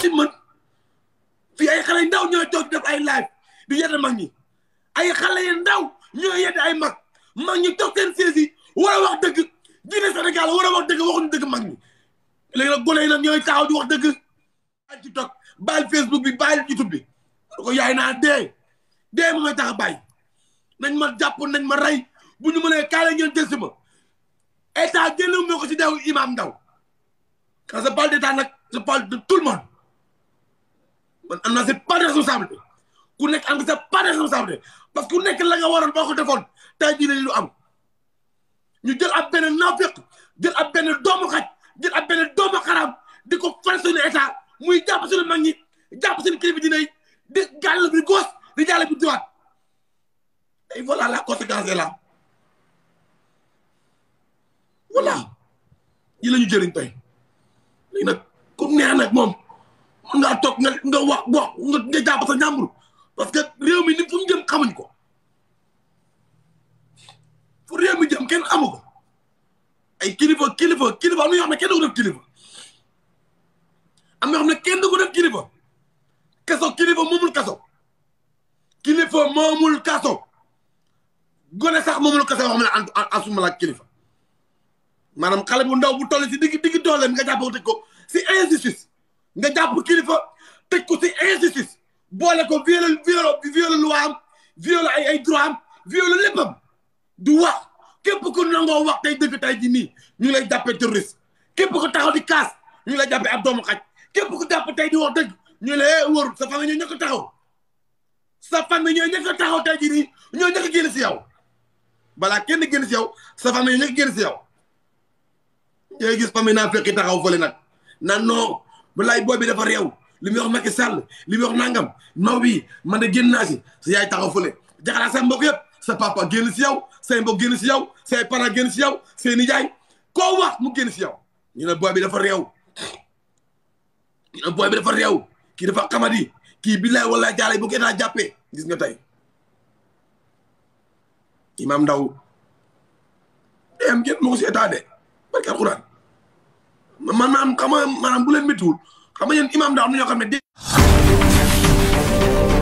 si mën fii ay xale yu ndaw ñoo toog def ay live di yedda mag ñi ay xale yu ndaw ñooy yedda ay mag mag ñi toog seen saisi war a wax dëgg diine Sénégal war a wax dëgg waxuñu dëgg mag ñi léegi nag gone yi na ñooy taxaw di wax dëgg baal TikTok baal Facebook bi baal YouTube bi ko yaay naa dee dee ma may tax a bàyyi nañ ma jàpp nañ ma rey bu ñu mënee kaale ngeen jël si ma état génn moo ko ci i imam ndaw quand je parle d'état nag sa parle de tout le monde man am naa sa part de responsabilité ku nekk am nga sa part de responsabilité parce que ku nekk la nga waroon boo ko jii dañu lu am ñu jël ab benn naafeq jël ab benn doomu xaj jël ab benn doomu xaraam di ko fal suñu état muy jàpp suñu mag ñi jàpp suñu kilifa dina yi di gàll bi gauche di jàll bi droite et voilà la conséquence est là voilà yi la ñu jëriñ tey léegi nag comme neex nag moom. ngaa toog nga nga wax wax nga jàpp sa ñàmbur parce que réew mi ni fu mu jëm xamuñ ko fu réew mi jëm kenn amu ko ay kilifa kilifa kilifa am na kenn du ko def kilifa na kenn du ko def kilifa kaso kilifa moomul kaso kilifa moomul kaso gone sax moomul kaso yoo xam ne asuma la kilifa maanaam xale bu ndaw bu toll si digg digg dooleem ko si injustice nga jàpp kilifa tëj ko si injustice boole ko violé violé violé loi am ay ay droit am violé léppam du wax képp ku nangoo wax tey dëgg tey ji nii ñu lay jàppee terroriste képp ku taxaw di kaas ñu lay jàppee ab doomu xaj képp ku jàpp tey di wax dëgg ñu lay eh, wóorul sa famille ñoo ñëkk taxaw sa famille ñoo ñëkk taxaw tey ji nii ñoo ñëkk génn si yow balaa kenn génn si yow sa famille ñoo ñëkk génn si yow. yaa gis famille naa fekki taxaw fële nag na noo walaay booy bi dafa réew li muy wax Macky Sall li muy wax nangam naw bi man de génn naa si sa yaay taxaw fële jaxalaat sa mbokk yëpp sa papa génn si yow say mbokk génn si yow say parents génn si yow say mu génn si yow ñu ne booy bi dafa réew ñu ne booy bi dafa réew kii dafa xamadi kii billaay walaay jaale bu ko état gis nga tey imam ndaw dem ngeen mu si état de barke alxuraan maanaam xam nga maanaam bu leen méttiwul xam nga yéen imaam daal am na ñoo xam ne